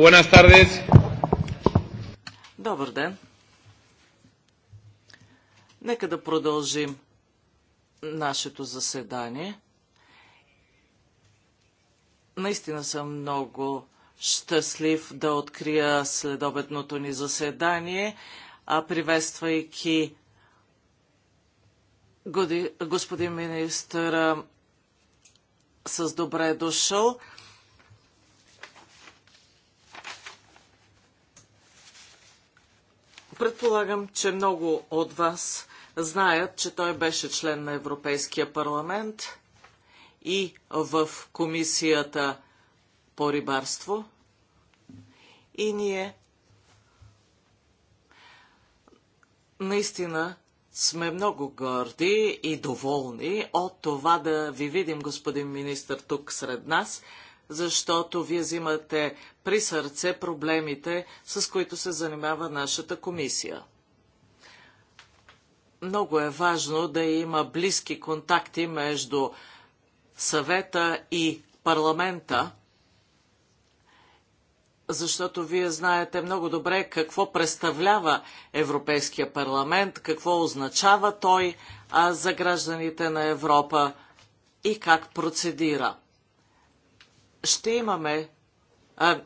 Buenas tardes. Добър ден. Нека да продължим нашето заседание. Наистина съм много щастлив да открия следобедното ни заседание, а приветствайки господин министър с добре е дошъл. Предполагам, че много от вас знаят, че той беше член на Европейския парламент и в комисията по рибарство. И ние наистина сме много горди и доволни от това да ви видим, господин министр, тук сред нас, защото вие взимате при сърце проблемите, с които се занимава нашата комисия. Много е важно да има близки контакти между съвета и парламента, защото вие знаете много добре какво представлява Европейския парламент, какво означава той а, за гражданите на Европа и как процедира. Ще имаме а,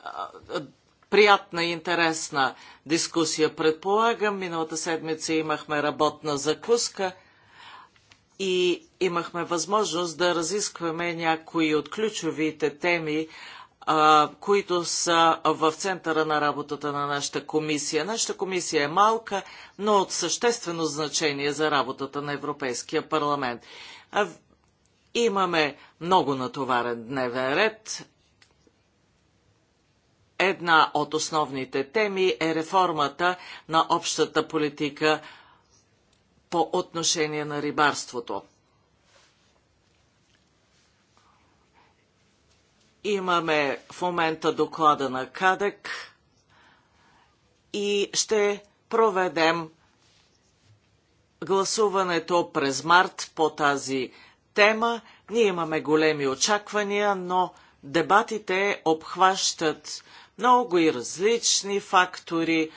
а, приятна и интересна дискусия, предполагам. Миналата седмица имахме работна закуска и имахме възможност да разискваме някои от ключовите теми, които са в центъра на работата на нашата комисия. Нашата комисия е малка, но от съществено значение за работата на Европейския парламент. Имаме много натоварен дневен ред. Една от основните теми е реформата на общата политика по отношение на рибарството. Имаме в момента доклада на КАДЕК и ще проведем гласуването през март по тази тема. Ние имаме големи очаквания, но дебатите обхващат много и различни фактори,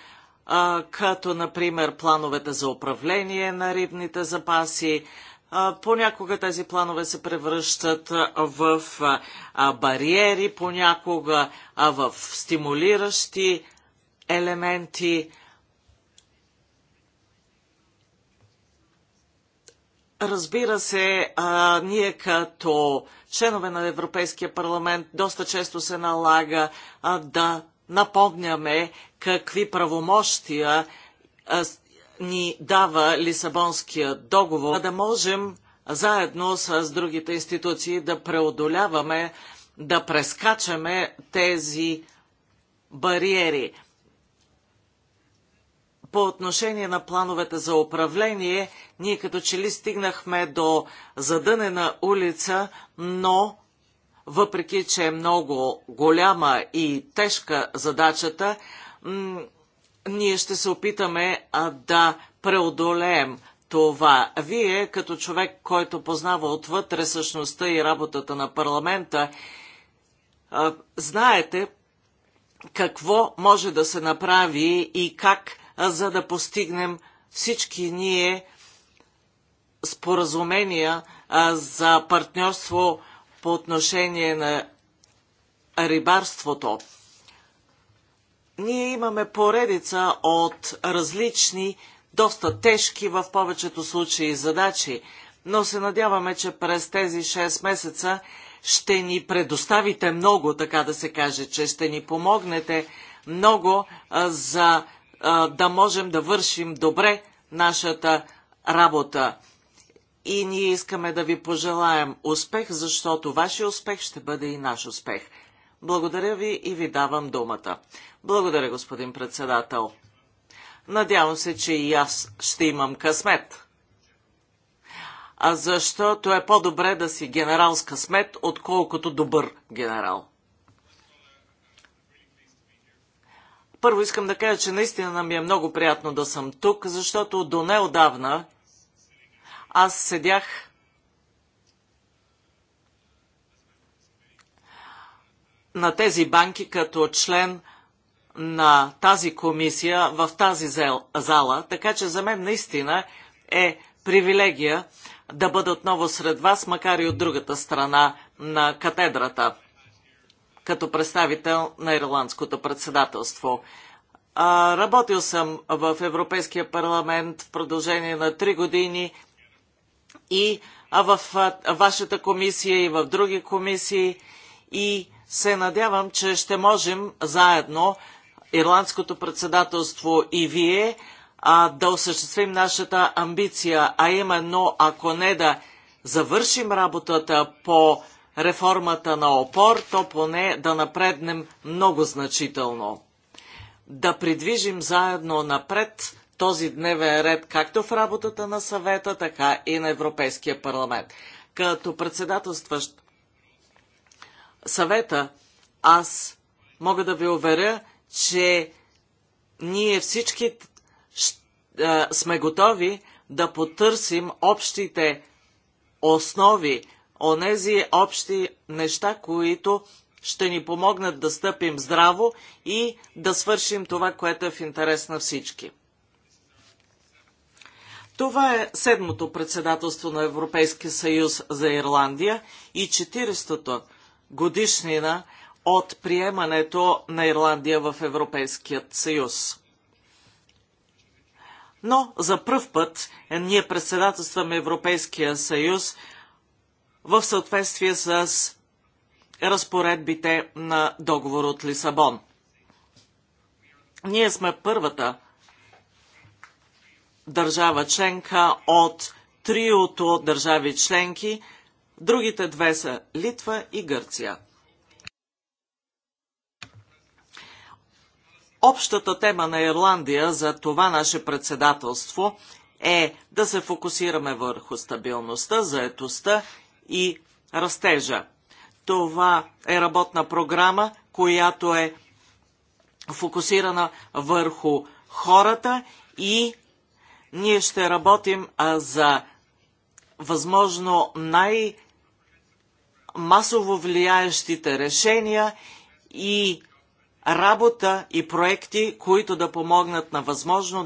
като например плановете за управление на рибните запаси, Понякога тези планове се превръщат в бариери, понякога в стимулиращи елементи. Разбира се, ние като членове на Европейския парламент доста често се налага да напомняме какви правомощия ни дава Лисабонския договор, да можем заедно с другите институции да преодоляваме, да прескачаме тези бариери. По отношение на плановете за управление, ние като че ли стигнахме до задънена улица, но въпреки, че е много голяма и тежка задачата, ние ще се опитаме а, да преодолеем това. Вие, като човек, който познава отвътре същността и работата на парламента, а, знаете какво може да се направи и как, а, за да постигнем всички ние споразумения а, за партньорство по отношение на рибарството ние имаме поредица от различни, доста тежки в повечето случаи задачи, но се надяваме, че през тези 6 месеца ще ни предоставите много, така да се каже, че ще ни помогнете много за да можем да вършим добре нашата работа. И ние искаме да ви пожелаем успех, защото вашия успех ще бъде и наш успех. Благодаря ви и ви давам думата. Благодаря, господин председател. Надявам се, че и аз ще имам късмет. А защото е по-добре да си генерал с късмет, отколкото добър генерал. Първо искам да кажа, че наистина ми е много приятно да съм тук, защото до неодавна аз седях на тези банки като член на тази комисия в тази зала, така че за мен наистина е привилегия да бъда отново сред вас, макар и от другата страна на катедрата, като представител на Ирландското председателство. работил съм в Европейския парламент в продължение на три години и в вашата комисия и в други комисии и се надявам, че ще можем заедно, ирландското председателство и вие, а, да осъществим нашата амбиция, а именно, ако не да завършим работата по реформата на опор, то поне да напреднем много значително. Да придвижим заедно напред този дневен ред, както в работата на съвета, така и на Европейския парламент. Като председателстващ съвета, аз мога да ви уверя, че ние всички е, сме готови да потърсим общите основи, онези общи неща, които ще ни помогнат да стъпим здраво и да свършим това, което е в интерес на всички. Това е седмото председателство на Европейския съюз за Ирландия и 40-то годишнина от приемането на Ирландия в Европейският съюз. Но за пръв път ние председателстваме Европейския съюз в съответствие с разпоредбите на договор от Лисабон. Ние сме първата държава членка от триото държави членки – Другите две са Литва и Гърция. Общата тема на Ирландия за това наше председателство е да се фокусираме върху стабилността, заетостта и растежа. Това е работна програма, която е фокусирана върху хората и ние ще работим за възможно най- масово влияещите решения и работа и проекти, които да помогнат на възможно